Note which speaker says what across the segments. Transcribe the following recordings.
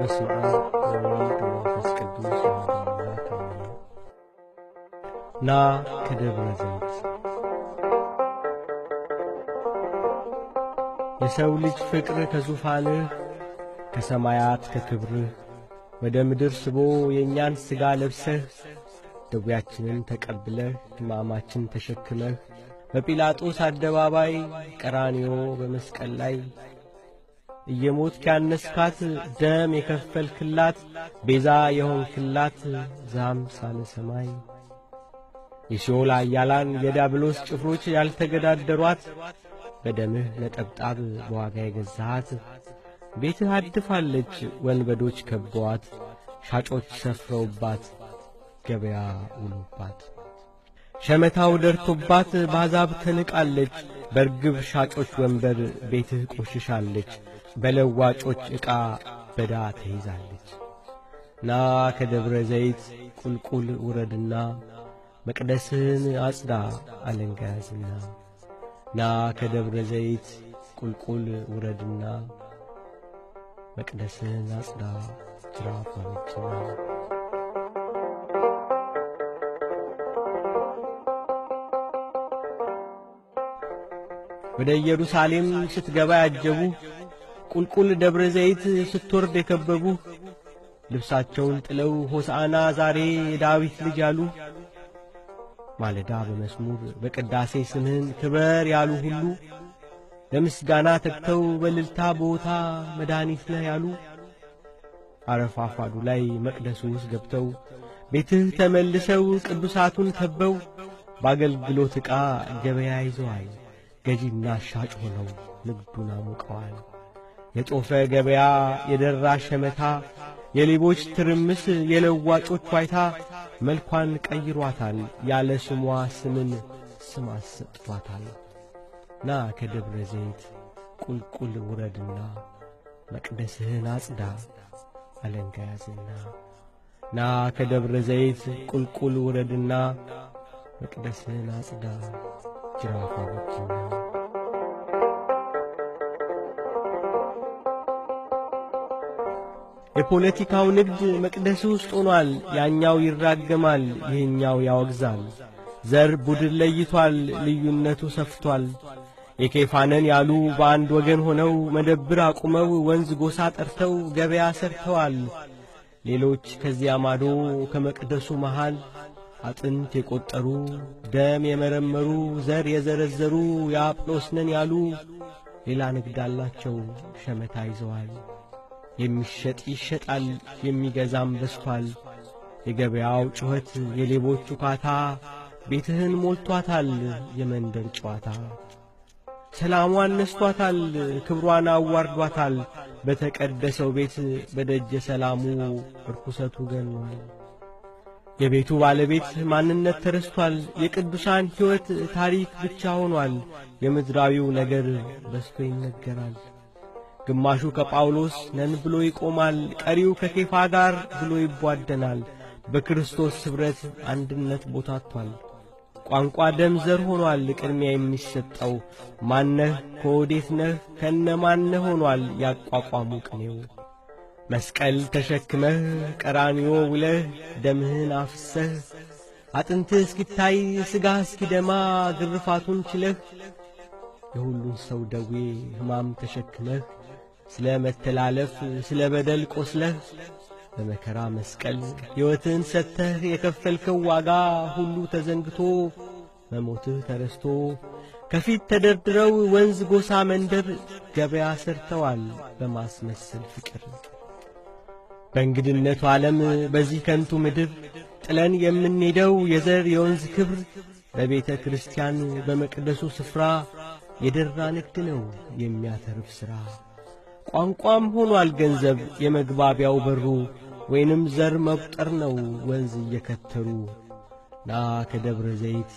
Speaker 1: በስመ አብ ወወልድ ወመንፈስ ቅዱስ ና ከደብረ ዘይት የሰው ልጅ ፍቅር ከዙፋንህ ከሰማያት ከክብርህ ወደ ምድር ስቦ የእኛን ሥጋ ለብሰህ ደዌያችንን ተቀብለህ ሕማማችን ተሸክመህ በጲላጦስ አደባባይ ቀራንዮ በመስቀል ላይ እየሞት ያነስካት ደም የከፈልክላት ቤዛ የሆንክላት ዘአምሳለ ሰማይ የሲኦል አያላን የዲያብሎስ ጭፍሮች ያልተገዳደሯት በደምህ ነጠብጣብ በዋጋ የገዛሃት ቤትህ አድፋለች ወንበዶች ከበዋት ሻጮች ሰፍረውባት ገበያ ውሎባት ሸመታው ደርቶባት ባዛብ ተንቃለች በርግብ ሻጮች ወንበር ቤትህ ቆሽሻለች በለዋጮች ዕቃ በዳ ተይዛለች። ና ከደብረ ዘይት ቁልቁል ውረድና መቅደስህን አጽዳ አለንጋያዝና ና ከደብረ ዘይት ቁልቁል ውረድና መቅደስህን አጽዳ ጅራፍ ወደ ኢየሩሳሌም ስትገባ ያጀቡ ቁልቁል ደብረ ዘይት ስትወርድ የከበቡ ልብሳቸውን ጥለው ሆሳና ዛሬ የዳዊት ልጅ አሉ ማለዳ በመስሙር፣ በቅዳሴ ስምህን ክበር ያሉ ሁሉ ለምስጋና ተግተው በልልታ ቦታ መድኃኒት ነህ ያሉ አረፋፋዱ ላይ መቅደሱ ውስጥ ገብተው ቤትህ ተመልሰው ቅዱሳቱን ከበው በአገልግሎት ዕቃ ገበያ ይዘዋል። ገዢና ሻጭ ሆነው ንግዱን አሞቀዋል። የጦፈ ገበያ፣ የደራ ሸመታ፣ የሌቦች ትርምስ፣ የለዋጮች ዋይታ መልኳን ቀይሯታል፣ ያለ ስሟ ስምን ስም አሰጥቷታል። ና ከደብረ ዘይት ቁልቁል ውረድና መቅደስህን አጽዳ አለንጋ ያዝና ና ከደብረ ዘይት ቁልቁል ውረድና መቅደስህን አጽዳ ጅራፋ የፖለቲካው ንግድ መቅደስ ውስጥ ሆኗል። ያኛው ይራገማል፣ ይህኛው ያወግዛል። ዘር ቡድን ለይቷል፣ ልዩነቱ ሰፍቷል። የኬፋነን ያሉ በአንድ ወገን ሆነው መደብር አቁመው ወንዝ ጎሳ ጠርተው ገበያ ሰርተዋል። ሌሎች ከዚያ ማዶ ከመቅደሱ መሃል አጥንት የቈጠሩ ደም የመረመሩ ዘር የዘረዘሩ የአጵሎስ ነን ያሉ ሌላ ንግድ አላቸው፣ ሸመታ ይዘዋል። የሚሸጥ ይሸጣል፣ የሚገዛም በዝቷል። የገበያው ጩኸት፣ የሌቦች ውካታ ቤትህን ሞልቷታል። የመንደር ጨዋታ ሰላሟን ነስቷታል፣ ክብሯን አዋርዷታል። በተቀደሰው ቤት በደጀ ሰላሙ ርኩሰቱ ገኗል። የቤቱ ባለቤት ማንነት ተረስቷል። የቅዱሳን ሕይወት ታሪክ ብቻ ሆኗል። የምድራዊው ነገር በዝቶ ይነገራል። ግማሹ ከጳውሎስ ነን ብሎ ይቆማል፣ ቀሪው ከኬፋ ጋር ብሎ ይቧደናል። በክርስቶስ ኅብረት አንድነት ቦታቷል። ቋንቋ ደም ዘር ሆኗል። ቅድሚያ የሚሰጠው ማነህ ከወዴት ነህ ማነህ ሆኗል ያቋቋሙ ቅኔው መስቀል ተሸክመህ ቀራንዮ ውለህ ደምህን አፍሰህ አጥንትህ እስኪታይ ሥጋህ እስኪደማ ግርፋቱን ችለህ የሁሉን ሰው ደዌ ሕማም ተሸክመህ ስለ መተላለፍ ስለ በደል ቆስለህ በመከራ መስቀል ሕይወትህን ሰጥተህ የከፈልከው ዋጋ ሁሉ ተዘንግቶ መሞትህ ተረስቶ ከፊት ተደርድረው ወንዝ ጎሳ መንደር ገበያ ሰርተዋል በማስመሰል ፍቅር በእንግድነቱ ዓለም በዚህ ከንቱ ምድር ጥለን የምንሄደው የዘር የወንዝ ክብር በቤተ ክርስቲያን በመቅደሱ ስፍራ የደራ ንግድ ነው የሚያተርፍ ሥራ። ቋንቋም ሆኗል ገንዘብ የመግባቢያው በሩ ወይንም ዘር መቁጠር ነው ወንዝ እየከተሩ ና ከደብረ ዘይት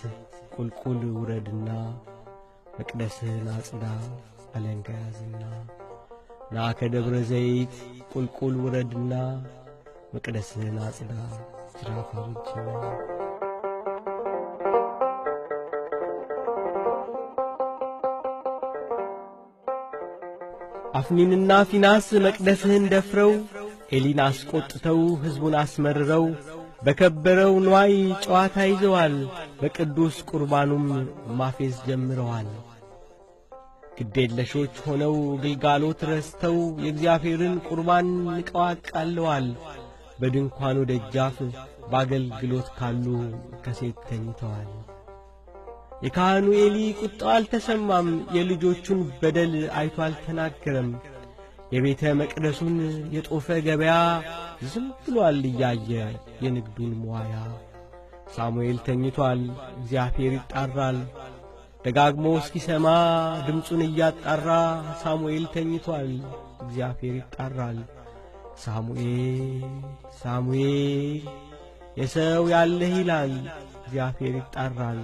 Speaker 1: ቁልቁል ውረድና መቅደስህን አጽዳ አለንጋ ያዝና ና ከደብረ ዘይት ቁልቁል ውረድና መቅደስህን አጽዳ ጅራፍ አፍኒንና ፊናስ መቅደስህን ደፍረው ኤሊን አስቈጥተው ሕዝቡን አስመርረው በከበረው ንዋይ ጨዋታ ይዘዋል። በቅዱስ ቁርባኑም ማፌዝ ጀምረዋል። ግዴለሾች ሆነው ግልጋሎት ረስተው የእግዚአብሔርን ቁርባን ንቀዋቃለዋል። በድንኳኑ ደጃፍ በአገልግሎት ካሉ ከሴት ተኝተዋል። የካህኑ ኤሊ ቁጣው አልተሰማም፣ የልጆቹን በደል አይቶ አልተናገረም። የቤተ መቅደሱን የጦፈ ገበያ ዝም ብሏል እያየ የንግዱን መዋያ። ሳሙኤል ተኝቷል፣ እግዚአብሔር ይጣራል። ደጋግሞ እስኪሰማ ድምፁን እያጣራ ሳሙኤል ተኝቷል፣ እግዚአብሔር ይጣራል። ሳሙኤል ሳሙኤል የሰው ያለህ ይላል፣ እግዚአብሔር ይጣራል።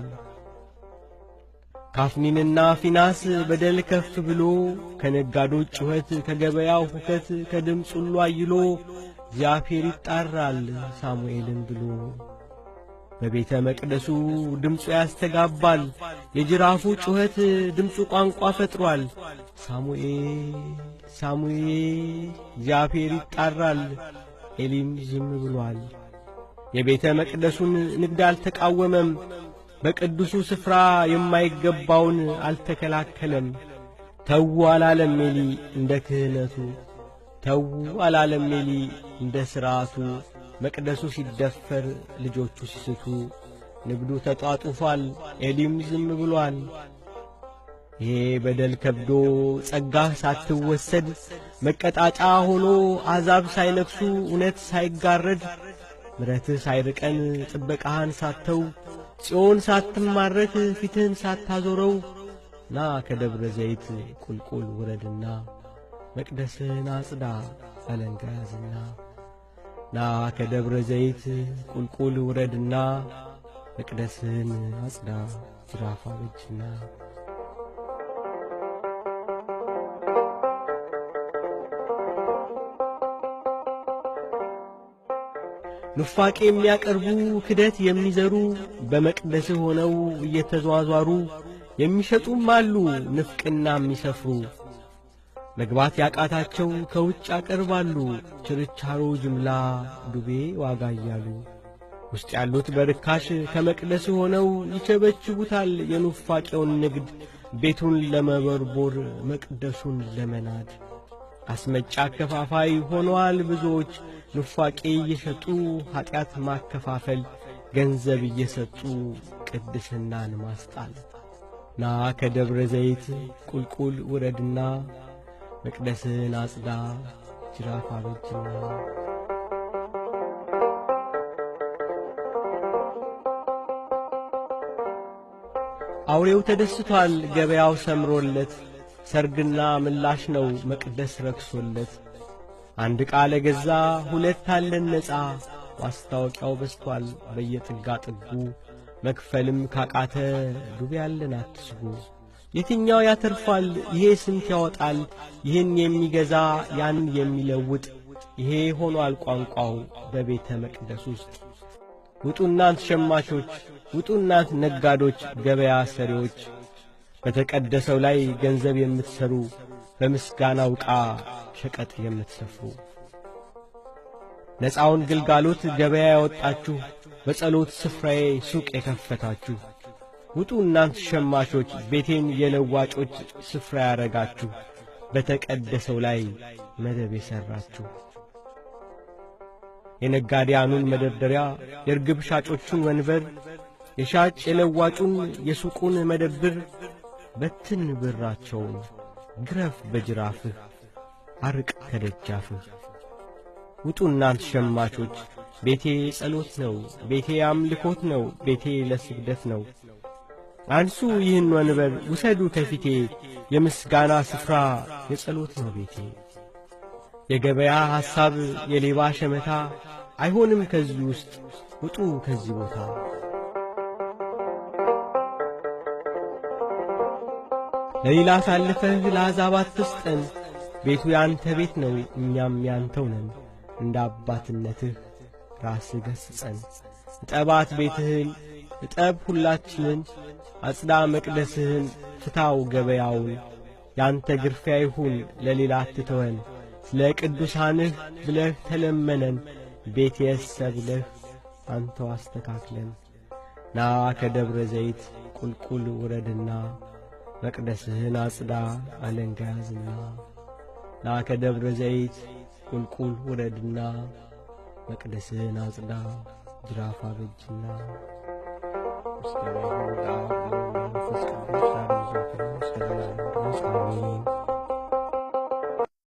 Speaker 1: ካፍኒንና ፊናስ በደል ከፍ ብሎ ከነጋዶች ጩኸት ከገበያው ሁከት ከድምፅ ሁሉ አይሎ እግዚአብሔር ይጣራል ሳሙኤልን ብሎ በቤተ መቅደሱ ድምፁ ያስተጋባል። የጅራፉ ጩኸት ድምፁ ቋንቋ ፈጥሯል። ሳሙኤል ሳሙኤል እግዚአብሔር ይጣራል፣ ኤሊም ዝም ብሏል። የቤተ መቅደሱን ንግድ አልተቃወመም። በቅዱሱ ስፍራ የማይገባውን አልተከላከለም። ተዉ አላለም ኤሊ እንደ ክህነቱ፣ ተዉ አላለም ኤሊ እንደ ሥርዓቱ። መቅደሱ ሲደፈር ልጆቹ ሲስቱ፣ ንግዱ ተጧጡፏል፣ ኤሊም ዝም ብሏል። ይሄ በደል ከብዶ ጸጋህ ሳትወሰድ መቀጣጫ ሆኖ አሕዛብ ሳይነክሱ እውነት ሳይጋረድ ምረትህ ሳይርቀን ጥበቃህን ሳተው ጽዮን ሳትማረክ ፊትህን ሳታዞረው ና ከደብረ ዘይት ቁልቁል ውረድና መቅደስህን አጽዳ አለንጋ ያዝና ና ከደብረ ዘይት ቁልቁል ውረድና መቅደስህን አጽዳ ጅራፍ አበጅና ኑፋቄ የሚያቀርቡ ክደት የሚዘሩ በመቅደስ ሆነው እየተዟዟሩ የሚሸጡም አሉ ንፍቅና የሚሰፍሩ መግባት ያቃታቸው ከውጭ ያቀርባሉ ችርቻሮ ጅምላ ዱቤ ዋጋ እያሉ ውስጥ ያሉት በርካሽ ከመቅደስ ሆነው ይቸበችቡታል የኑፋቄውን ንግድ ቤቱን ለመበርቦር መቅደሱን ለመናድ አስመጫ ከፋፋይ ሆኗል ብዙዎች ኑፋቄ እየሸጡ ኀጢአት ማከፋፈል፣ ገንዘብ እየሰጡ ቅድስናን ማስጣል። ና ከደብረ ዘይት ቁልቁል ውረድና መቅደስን አጽዳ ጅራፍ አውሬው ተደስቷል ገበያው ሰምሮለት፣ ሰርግና ምላሽ ነው መቅደስ ረክሶለት። አንድ ቃለ ገዛ ሁለት አለን ነፃ። ማስታወቂያው በስቷል በየጥጋ ጥጉ። መክፈልም ካቃተ ዱቤ ያለን አትስጉ። የትኛው ያተርፋል? ይሄ ስንት ያወጣል? ይህን የሚገዛ ያን የሚለውጥ ይሄ ሆኗል ቋንቋው በቤተ መቅደስ ውስጥ። ውጡ እናንት ሸማቾች፣ ውጡ እናንት ነጋዶች፣ ገበያ ሰሪዎች፣ በተቀደሰው ላይ ገንዘብ የምትሰሩ በምስጋናው ዕቃ ሸቀጥ የምትሰፍሩ ነፃውን ግልጋሎት ገበያ ያወጣችሁ፣ በጸሎት ስፍራዬ ሱቅ የከፈታችሁ ውጡ እናንት ሸማቾች፣ ቤቴን የለዋጮች ስፍራ ያረጋችሁ፣ በተቀደሰው ላይ መደብ የሠራችሁ የነጋዴያኑን መደርደሪያ፣ የርግብ ሻጮቹን ወንበር፣ የሻጭ የለዋጩን የሱቁን መደብር በትን ብራቸውን ግረፍ በጅራፍህ አርቅ ከደጃፍህ። ውጡ እናንት ሸማቾች፣ ቤቴ ጸሎት ነው፣ ቤቴ አምልኮት ነው፣ ቤቴ ለስግደት ነው። አንሱ ይህን ወንበር ውሰዱ ከፊቴ፣ የምስጋና ስፍራ የጸሎት ነው ቤቴ። የገበያ ሐሳብ የሌባ ሸመታ አይሆንም ከዚህ ውስጥ ውጡ ከዚህ ቦታ። ለሌላ አሳልፈህ ለአሕዛብ አትስጠን። ቤቱ ያንተ ቤት ነው፣ እኛም ያንተው ነን። እንደ አባትነትህ ራስ ገሥጸን። እጠባት ቤትህን፣ እጠብ ሁላችንን። አጽዳ መቅደስህን፣ ፍታው ገበያውን። ያንተ ግርፊያ ይሁን፣ ለሌላ አትተወን። ስለ ቅዱሳንህ ብለህ ተለመነን። የሰ ብለህ አንተው አስተካክለን። ና ከደብረ ዘይት ቁልቁል ውረድና መቅደስህን አጽዳ አለንጋ ያዝና ላከ ደብረ ዘይት ቁልቁል ውረድና መቅደስህን አጽዳ ጅራፍ አበጅና ምስጋና ይሁን ለአብ ወመንፈስ ቅዱስ ዛሬ ዘወትርም እስከ ዘላለም ድረስ አሜን።